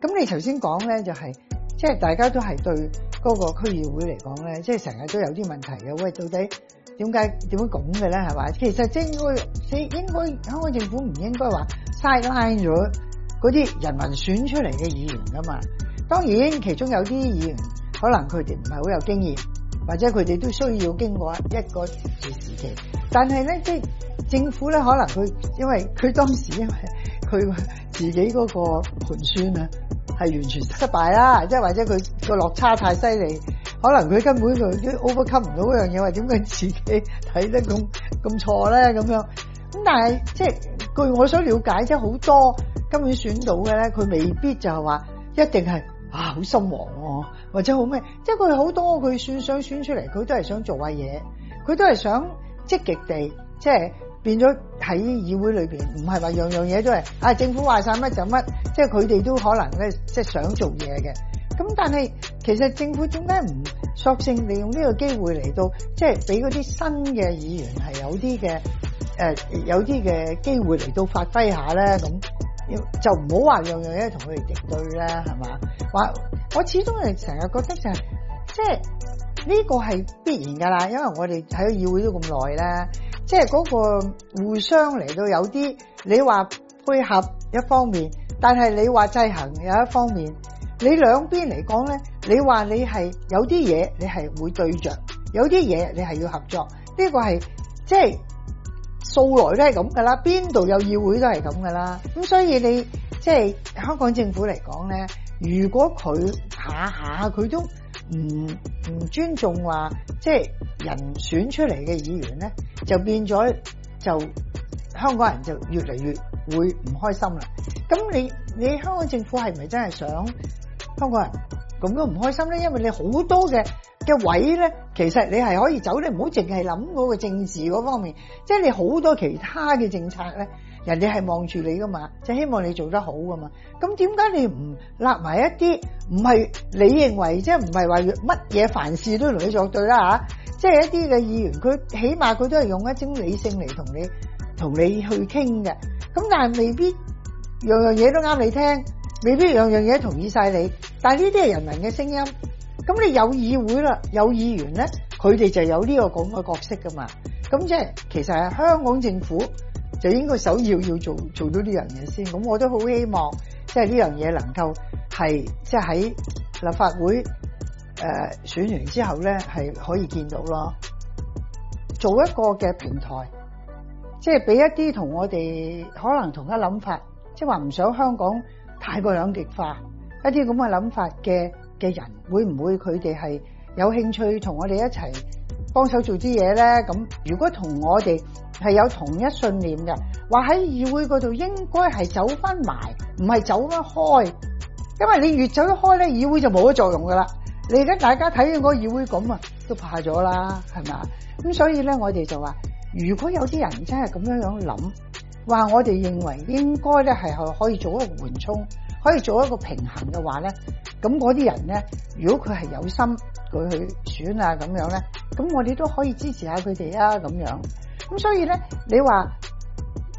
咁你頭先講咧，就係即係大家都係對嗰個區議會嚟講咧，即係成日都有啲問題嘅。喂，到底點解點會咁嘅咧？係嘛？其實應該，你應該香港政府唔應該話 sideline 咗嗰啲人民選出嚟嘅議員噶嘛？當然，其中有啲議員可能佢哋唔係好有經驗。或者佢哋都需要經過一個時時期，但係咧，即係政府咧，可能佢因為佢當時因為佢自己嗰個盤算啊，係完全失敗啦，即係或者佢個落差太犀利，可能佢根本佢 overcome 唔到嗰樣嘢，或點解自己睇得咁咁錯咧咁樣？咁但係即係據我所了解，即係好多根本選到嘅咧，佢未必就係話一定係。啊，好失望，或者好咩，即係佢好多佢選想選出嚟，佢都係想做下嘢，佢都係想積極地，即係變咗喺議會裏邊，唔係話樣樣嘢都係啊，政府話晒乜就乜，即係佢哋都可能咧，即係想做嘢嘅。咁但係其實政府點解唔索性利用呢個機會嚟到，即係俾嗰啲新嘅議員係有啲嘅誒，有啲嘅機會嚟到發揮下咧咁。就唔好話樣樣嘢同佢哋敵對啦，係嘛？話我始終係成日覺得就係、是，即係呢個係必然噶啦，因為我哋喺個議會都咁耐啦，即係嗰個互相嚟到有啲，你話配合一方面，但係你話制衡有一方面，你兩邊嚟講咧，你話你係有啲嘢你係會對着，有啲嘢你係要合作，呢個係即係。就是到來都係咁噶啦，邊度有議會都係咁噶啦，咁所以你即係香港政府嚟講咧，如果佢下下佢都唔唔尊重話，即係人選出嚟嘅議員咧，就變咗就香港人就越嚟越會唔開心啦。咁你你香港政府係咪真係想香港人咁樣唔開心咧？因為你好多嘅。嘅位咧，其實你係可以走你唔好淨係諗嗰個政治嗰方面，即係你好多其他嘅政策咧，人哋係望住你噶嘛，就希望你做得好噶嘛。咁點解你唔立埋一啲唔係你認為即係唔係話乜嘢凡事都同你作對啦？吓，即係一啲嘅議員，佢起碼佢都係用一種理性嚟，同你同你去傾嘅。咁但係未必樣樣嘢都啱你聽，未必樣樣嘢同意晒你。但係呢啲係人民嘅聲音。咁你有議會啦，有議員咧，佢哋就有呢個咁嘅角色㗎嘛。咁即係其實香港政府就應該首要要做做到呢樣嘢先。咁我都好希望即係呢樣嘢能夠係即係喺立法會誒、呃、選完之後咧係可以見到咯。做一個嘅平台，即係俾一啲同我哋可能同一諗法，即係話唔想香港太過兩極化，一啲咁嘅諗法嘅嘅人會唔會，佢哋係有興趣同我哋一齊幫手做啲嘢咧？咁如果同我哋係有同一信念嘅話，喺議會嗰度應該係走翻埋，唔係走翻開。因為你越走開咧，議會就冇咗作用噶啦。你而家大家睇見個議會咁啊，都怕咗啦，係咪啊？咁所以咧，我哋就話，如果有啲人真係咁樣樣諗話，我哋認為應該咧係可可以做一個緩衝，可以做一個平衡嘅話咧，咁嗰啲人咧，如果佢係有心，佢去選啊咁樣咧，咁我哋都可以支持下佢哋啊咁樣。咁所以咧，你話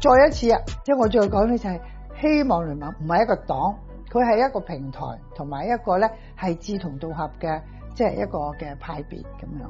再一次啊，即係我再講咧，就係希望聯盟唔係一個黨，佢係一個平台同埋一個咧係志同道合嘅，即係一個嘅派別咁樣。